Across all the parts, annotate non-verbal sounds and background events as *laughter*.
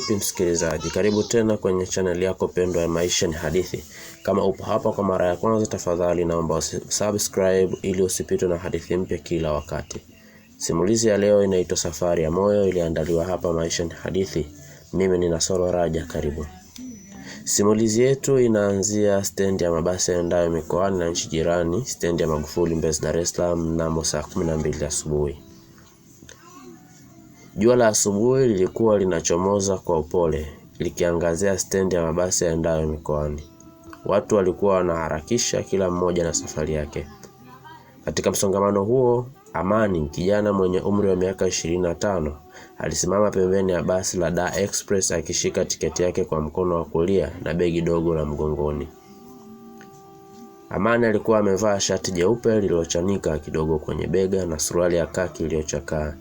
Vipi msikilizaji, karibu tena kwenye chaneli yako pendwa ya Maisha ni Hadithi. Kama upo hapa kwa mara ya kwanza, tafadhali naomba usubscribe ili usipitwe na hadithi mpya kila wakati. Simulizi ya leo inaitwa Safari ya Moyo, iliandaliwa hapa Maisha ni Hadithi. Mimi ni Nasoro Raja, karibu. Simulizi yetu inaanzia stendi ya mabasi yaendayo mikoani na nchi jirani, stendi ya Magufuli Mbezi, Dar es Salaam mnamo saa 12 asubuhi. Jua la asubuhi lilikuwa linachomoza kwa upole, likiangazia stendi ya mabasi yaendayo mikoani. Watu walikuwa wanaharakisha, kila mmoja na safari yake. Katika msongamano huo, Amani, kijana mwenye umri wa miaka ishirini na tano, alisimama pembeni ya basi la Da Express akishika tiketi yake kwa mkono wa kulia na begi dogo la mgongoni. Amani alikuwa amevaa shati jeupe lililochanika kidogo kwenye bega na suruali ya kaki iliyochakaa.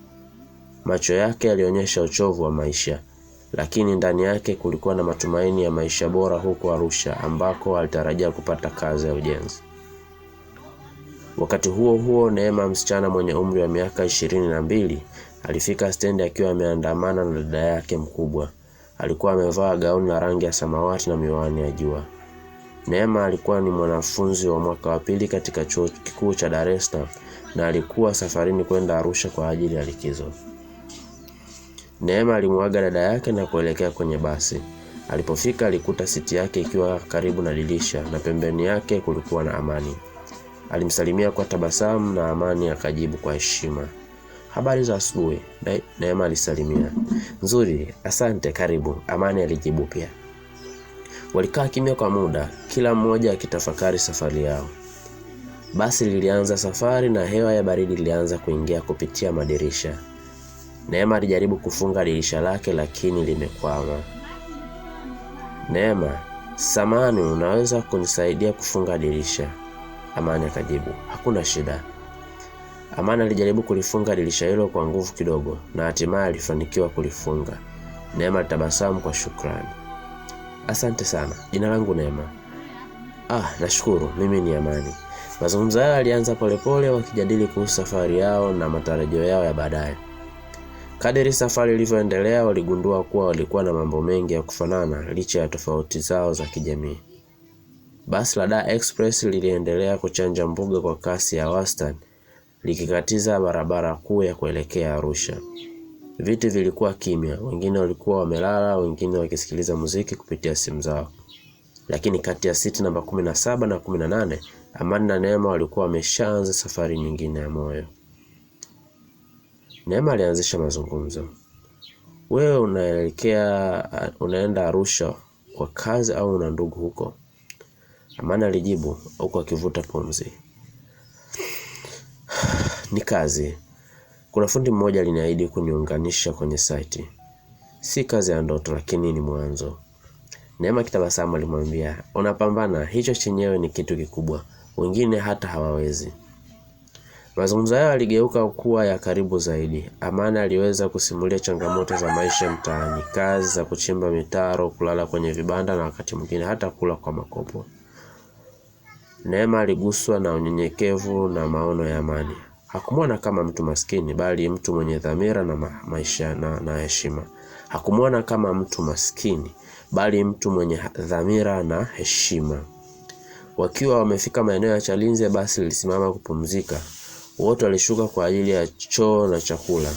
Macho yake yalionyesha uchovu wa maisha, lakini ndani yake kulikuwa na matumaini ya maisha bora huko Arusha ambako alitarajia kupata kazi ya ujenzi. Wakati huo huo, Neema, msichana mwenye umri wa miaka ishirini na mbili, alifika stendi akiwa ameandamana na dada yake mkubwa. Alikuwa amevaa gauni la rangi ya samawati na miwani ya jua. Neema alikuwa ni mwanafunzi wa mwaka wa pili katika chuo kikuu cha Dar es Salaam na alikuwa safarini kwenda Arusha kwa ajili ya likizo. Neema alimwaga dada yake na kuelekea kwenye basi. Alipofika alikuta siti yake ikiwa karibu na dirisha na pembeni yake kulikuwa na Amani. Alimsalimia kwa tabasamu na Amani akajibu kwa heshima. Habari za asubuhi, Neema alisalimia. Nzuri, asante, karibu, Amani alijibu pia. Walikaa kimya kwa muda, kila mmoja akitafakari safari yao. Basi lilianza safari na hewa ya baridi ilianza kuingia kupitia madirisha. Neema alijaribu kufunga dirisha lake lakini limekwama. Neema, samani, unaweza kunisaidia kufunga dirisha? Amani akajibu, hakuna shida. Amani alijaribu kulifunga dirisha hilo kwa nguvu kidogo na hatimaye alifanikiwa kulifunga. Neema alitabasamu kwa shukrani. Asante sana, jina langu Neema. Ah, nashukuru, mimi ni Amani. Mazungumzo yao yalianza polepole, wakijadili kuhusu safari yao na matarajio yao ya baadaye. Kadiri safari ilivyoendelea waligundua kuwa walikuwa na mambo mengi ya kufanana licha ya tofauti zao za kijamii. Basi la Dar Express liliendelea kuchanja mbuga kwa kasi ya wastani likikatiza barabara kuu ya kuelekea Arusha. Viti vilikuwa kimya, wengine walikuwa wamelala, wengine wakisikiliza muziki kupitia simu zao. Lakini kati ya siti namba 17 na 18, Amani na Neema walikuwa wameshaanza safari nyingine ya moyo. Neema alianzisha mazungumzo. Wewe unaelekea unaenda Arusha kwa kazi au una ndugu huko? Amani alijibu huku akivuta pumzi. *sighs* Ni kazi. Kuna fundi mmoja aliniahidi kuniunganisha kwenye saiti. Si kazi ya ndoto, lakini ni mwanzo. Neema kitabasamu alimwambia, unapambana, hicho chenyewe ni kitu kikubwa, wengine hata hawawezi. Mazungumzo hayo yaligeuka kuwa ya karibu zaidi. Amani aliweza kusimulia changamoto za maisha mtaani, kazi za kuchimba mitaro, kulala kwenye vibanda na wakati mwingine hata kula kwa makopo. Neema aliguswa na unyenyekevu na maono ya Amani. Hakumwona kama mtu maskini, bali mtu mwenye dhamira na ma maisha na heshima. Hakumwona kama mtu maskini, bali mtu mwenye dhamira na heshima. Wakiwa wamefika maeneo ya Chalinze, basi lilisimama kupumzika. Wote walishuka kwa ajili ya choo na chakula.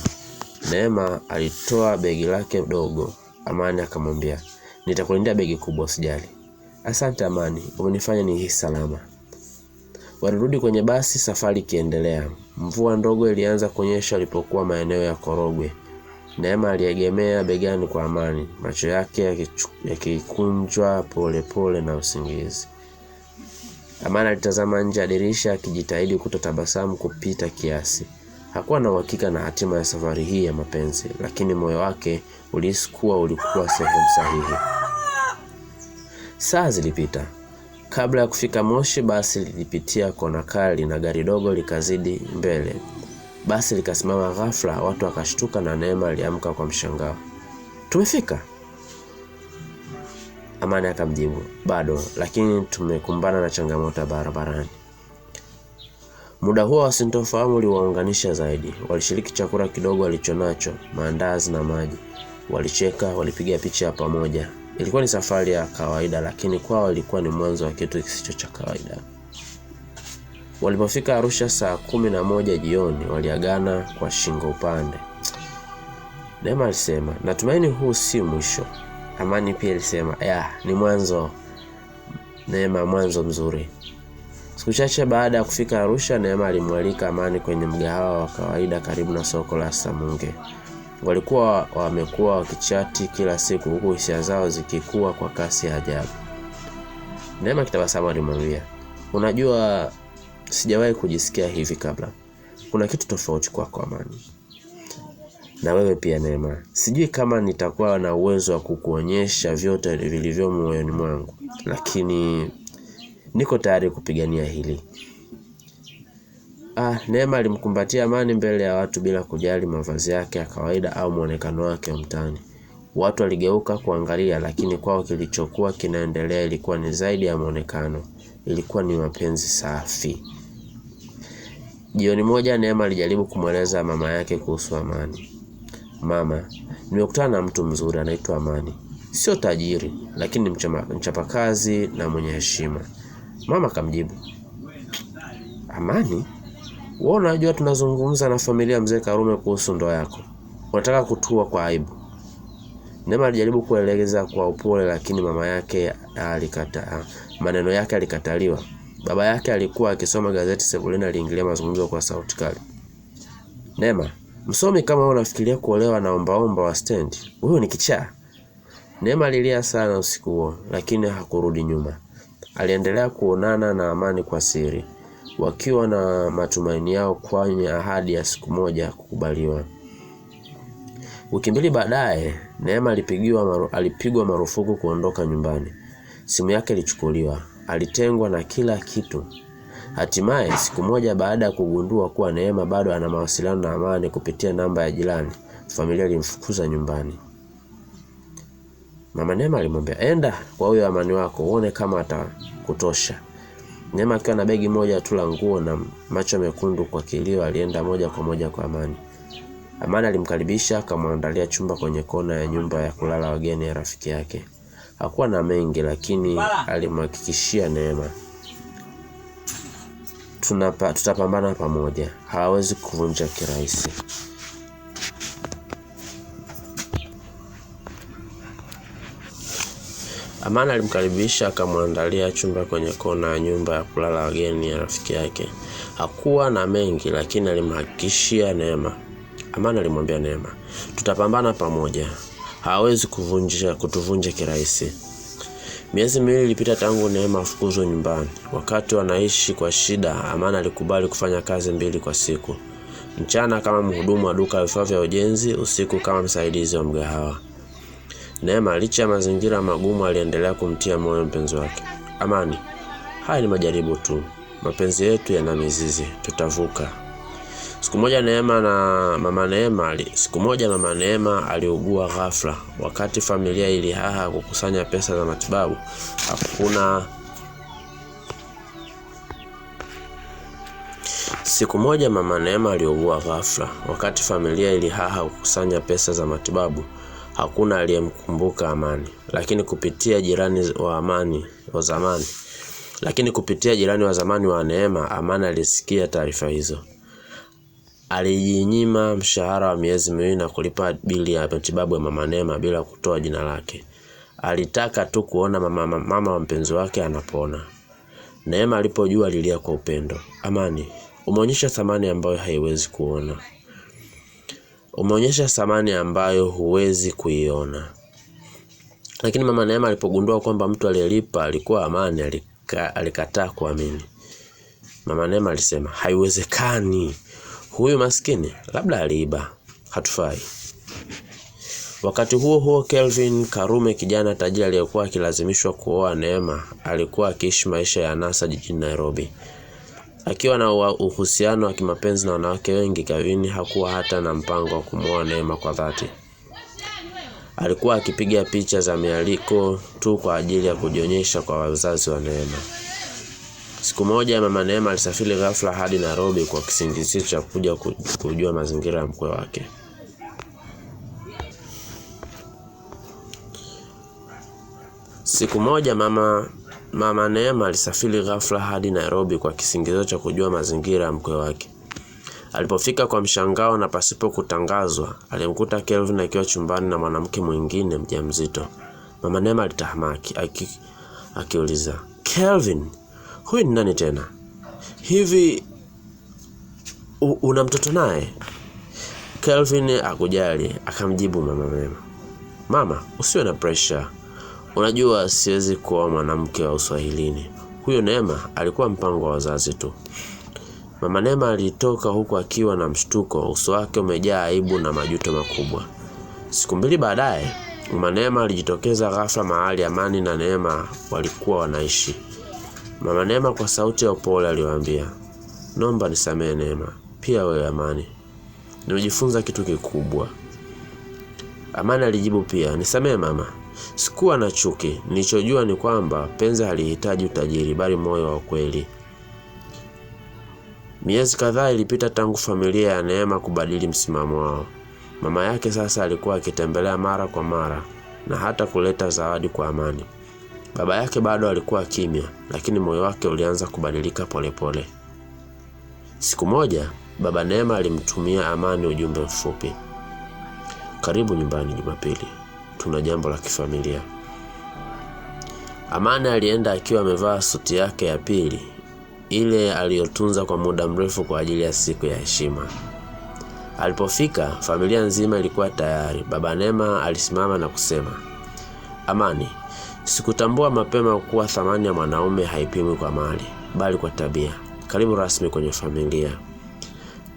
Neema alitoa begi lake dogo. Amani akamwambia, nitakulindia begi kubwa, usijali. Asante Amani, umenifanya nihisi salama. Walirudi kwenye basi, safari ikiendelea. Mvua ndogo ilianza kunyesha walipokuwa maeneo ya Korogwe. Neema aliegemea begani kwa Amani, macho yake yakikunjwa polepole na usingizi. Amana alitazama nje ya dirisha akijitahidi kutotabasamu kupita kiasi. Hakuwa na uhakika na hatima ya safari hii ya mapenzi, lakini moyo wake ulihisi kuwa ulikuwa sehemu sahihi. Saa zilipita. Kabla ya kufika Moshi, basi lilipitia kona kali na gari dogo likazidi mbele. Basi likasimama ghafla, watu wakashtuka na Neema aliamka kwa mshangao. Tumefika. Amani akamjibu, bado, lakini tumekumbana na changamoto ya barabarani. Muda huo wasintofahamu uliwaunganisha zaidi. Walishiriki chakula kidogo walichonacho, maandazi na maji. Walicheka, walipiga picha ya pamoja. Ilikuwa ni safari ya kawaida, lakini kwao ilikuwa ni mwanzo wa kitu kisicho cha kawaida. Walipofika Arusha saa kumi na moja jioni, waliagana kwa shingo upande. Neema alisema, natumaini huu si mwisho. Amani pia ilisema ya ni mwanzo Neema, mwanzo mzuri. Siku chache baada ya kufika Arusha, Neema alimwalika Amani kwenye mgahawa wa kawaida karibu na soko la Samunge. Walikuwa wamekuwa wakichati kila siku, huku hisia zao zikikua kwa kasi ya ajabu. Neema kitabasamu alimwambia, unajua sijawahi kujisikia hivi kabla. Kuna kitu tofauti kwako, Amani na wewe pia Neema. Sijui kama nitakuwa na uwezo wa kukuonyesha vyote vilivyo moyoni mwangu, lakini niko tayari kupigania hili. Ah, Neema alimkumbatia Amani mbele ya watu bila kujali mavazi yake ya kawaida au mwonekano wake wa mtaani. Watu waligeuka kuangalia, lakini kwao kilichokuwa kinaendelea ilikuwa ni zaidi ya mwonekano, ilikuwa ni mapenzi safi. Jioni moja, Neema alijaribu kumweleza mama yake kuhusu Amani. Mama, nimekutana na mtu mzuri anaitwa Amani. Sio tajiri, lakini mchapakazi na mwenye heshima. Mama kamjibu, Amani, wewe unajua tunazungumza na familia mzee Karume kuhusu ndoa yako, unataka kutua kwa aibu. Neema alijaribu kueleza kwa upole, lakini mama yake alikataa. Maneno yake alikataliwa. Baba yake alikuwa akisoma gazeti sebuleni, aliingilia mazungumzo kwa sauti kali. Neema Msomi kama unafikiria kuolewa na ombaomba wa stendi, huyo ni kichaa. Neema alilia sana usiku huo, lakini hakurudi nyuma. Aliendelea kuonana na Amani kwa siri, wakiwa na matumaini yao kwenye ahadi ya siku moja kukubaliwa. Wiki mbili baadaye, Neema alipigwa maru, alipigwa marufuku kuondoka nyumbani. Simu yake ilichukuliwa, alitengwa na kila kitu. Hatimaye, siku moja baada ya kugundua kuwa Neema bado ana mawasiliano na Amani kupitia namba ya jirani, familia ilimfukuza nyumbani. Mama Neema alimwambia, "Enda kwa huyo Amani wako uone kama atakutosha." Neema akiwa na begi moja tu la nguo na macho mekundu kwa kilio, alienda moja kwa moja kwa Amani. Amani alimkaribisha akamwandalia chumba kwenye kona ya nyumba ya kulala wageni ya rafiki yake. Hakuwa na mengi, lakini alimhakikishia Neema tunapa, tutapambana pamoja, hawawezi kuvunja kirahisi. aman alimkaribisha akamwandalia chumba kwenye kona ya nyumba ya kulala wageni ya rafiki yake. Hakuwa na mengi, lakini alimhakikishia Neema. Amana alimwambia Neema, tutapambana pamoja, hawawezi kutuvunja kirahisi. Miezi miwili ilipita tangu Neema afukuzwe nyumbani. Wakati wanaishi kwa shida, Amana alikubali kufanya kazi mbili kwa siku, mchana kama mhudumu wa duka la vifaa vya ujenzi, usiku kama msaidizi wa mgahawa. Neema licha ya mazingira magumu, aliendelea kumtia moyo mpenzi wake. Amani, haya ni majaribu tu, mapenzi yetu yana mizizi, tutavuka. Siku moja Neema na mama Neema, ali, siku moja mama Neema aliugua ghafla. Wakati familia ilihaha kukusanya pesa za matibabu, hakuna Siku moja mama Neema aliugua ghafla. Wakati familia ilihaha kukusanya pesa za matibabu, hakuna aliyemkumbuka Amani, lakini kupitia jirani wa Amani wa zamani, lakini kupitia jirani wa zamani wa Neema, Amani alisikia taarifa hizo alijinyima mshahara wa miezi miwili na kulipa bili ya matibabu ya Mama Neema bila kutoa jina lake. Alitaka tu kuona mama, mama wa mpenzi wake anapona. Neema alipojua alilia kwa upendo. Amani, umeonyesha thamani ambayo haiwezi kuona. Umeonyesha thamani ambayo huwezi kuiona. Lakini mama Neema alipogundua kwamba mtu aliyelipa alikuwa Amani, alika, alikataa kuamini. Mama Neema alisema haiwezekani. Huyu maskini labda aliiba, hatufai. Wakati huo huo, Kelvin Karume, kijana tajiri aliyekuwa akilazimishwa kuoa Neema, alikuwa akiishi maisha ya anasa jijini Nairobi. Akiwa na uhusiano wa kimapenzi na wanawake wengi, Kelvin hakuwa hata na mpango wa kumwoa Neema kwa dhati. Alikuwa akipiga picha za mialiko tu kwa ajili ya kujionyesha kwa wazazi wa Neema. Siku moja Mama Neema alisafiri ghafla hadi Nairobi kwa kisingizio cha kuja kujua mazingira ya mkwe wake. Siku moja mama, Mama Neema alisafiri ghafla hadi Nairobi kwa kisingizio cha kujua mazingira ya mkwe wake. Alipofika kwa mshangao na pasipo kutangazwa, alimkuta Kelvin akiwa chumbani na mwanamke mwingine mjamzito. Mama Neema alitahamaki akiuliza, aki, Kelvin, Huyu ni nani tena? Hivi una mtoto naye? Kelvin akujali akamjibu mama mema, mama, usiwe na pressure. unajua siwezi kuoa mwanamke wa Uswahilini. Huyo Neema alikuwa mpango wa wazazi tu. Mama Neema alitoka huku akiwa na mshtuko, uso wake umejaa aibu na majuto makubwa. Siku mbili baadaye, Mama Neema alijitokeza ghafla mahali Amani na Neema walikuwa wanaishi. Mama Neema kwa sauti ya upole aliwaambia, nomba nisamehe Neema, pia wewe Amani, nimejifunza kitu kikubwa. Amani alijibu pia, nisamehe mama, sikuwa na chuki. Nilichojua ni kwamba penzi halihitaji utajiri, bali moyo wa kweli. Miezi kadhaa ilipita tangu familia ya Neema kubadili msimamo wao. Mama yake sasa alikuwa akitembelea mara kwa mara na hata kuleta zawadi kwa Amani. Baba yake bado alikuwa kimya, lakini moyo wake ulianza kubadilika polepole pole. Siku moja Baba Neema alimtumia Amani ujumbe mfupi: karibu nyumbani Jumapili, tuna jambo la kifamilia. Amani alienda akiwa amevaa suti yake ya pili, ile aliyotunza kwa muda mrefu kwa ajili ya siku ya heshima. Alipofika, familia nzima ilikuwa tayari. Baba Neema alisimama na kusema, Amani, Sikutambua mapema kuwa thamani ya mwanaume haipimwi kwa mali, bali kwa tabia. Karibu rasmi kwenye familia.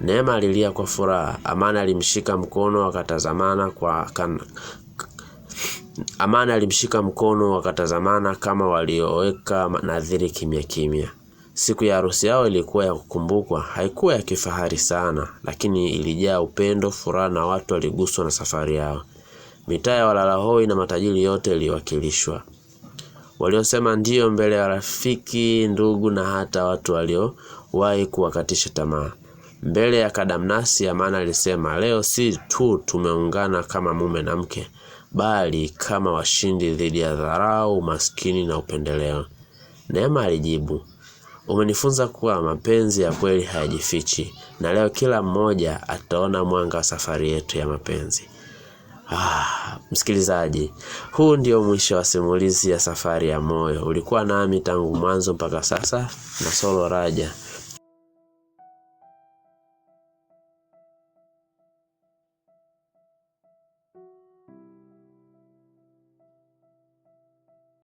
Neema alilia kwa furaha. Amani alimshika mkono wakatazamana kwa kana. Amani alimshika mkono wakatazamana kama walioweka nadhiri kimya kimya. Siku ya harusi yao ilikuwa ya kukumbukwa. Haikuwa ya kifahari sana, lakini ilijaa upendo, furaha na watu waliguswa na safari yao. Mitaa ya walalahoi na matajiri yote iliwakilishwa, waliosema ndiyo mbele ya rafiki, ndugu na hata watu waliowahi kuwakatisha tamaa mbele ya kadamnasi. maana alisema leo si tu tumeungana kama mume na mke, bali kama washindi dhidi ya dharau, umaskini na upendeleo. Neema alijibu, umenifunza kuwa mapenzi ya kweli hayajifichi, na leo kila mmoja ataona mwanga wa safari yetu ya mapenzi. Ah, msikilizaji, huu ndio mwisho wa simulizi ya Safari ya Moyo. Ulikuwa nami tangu mwanzo mpaka sasa na Solo Raja.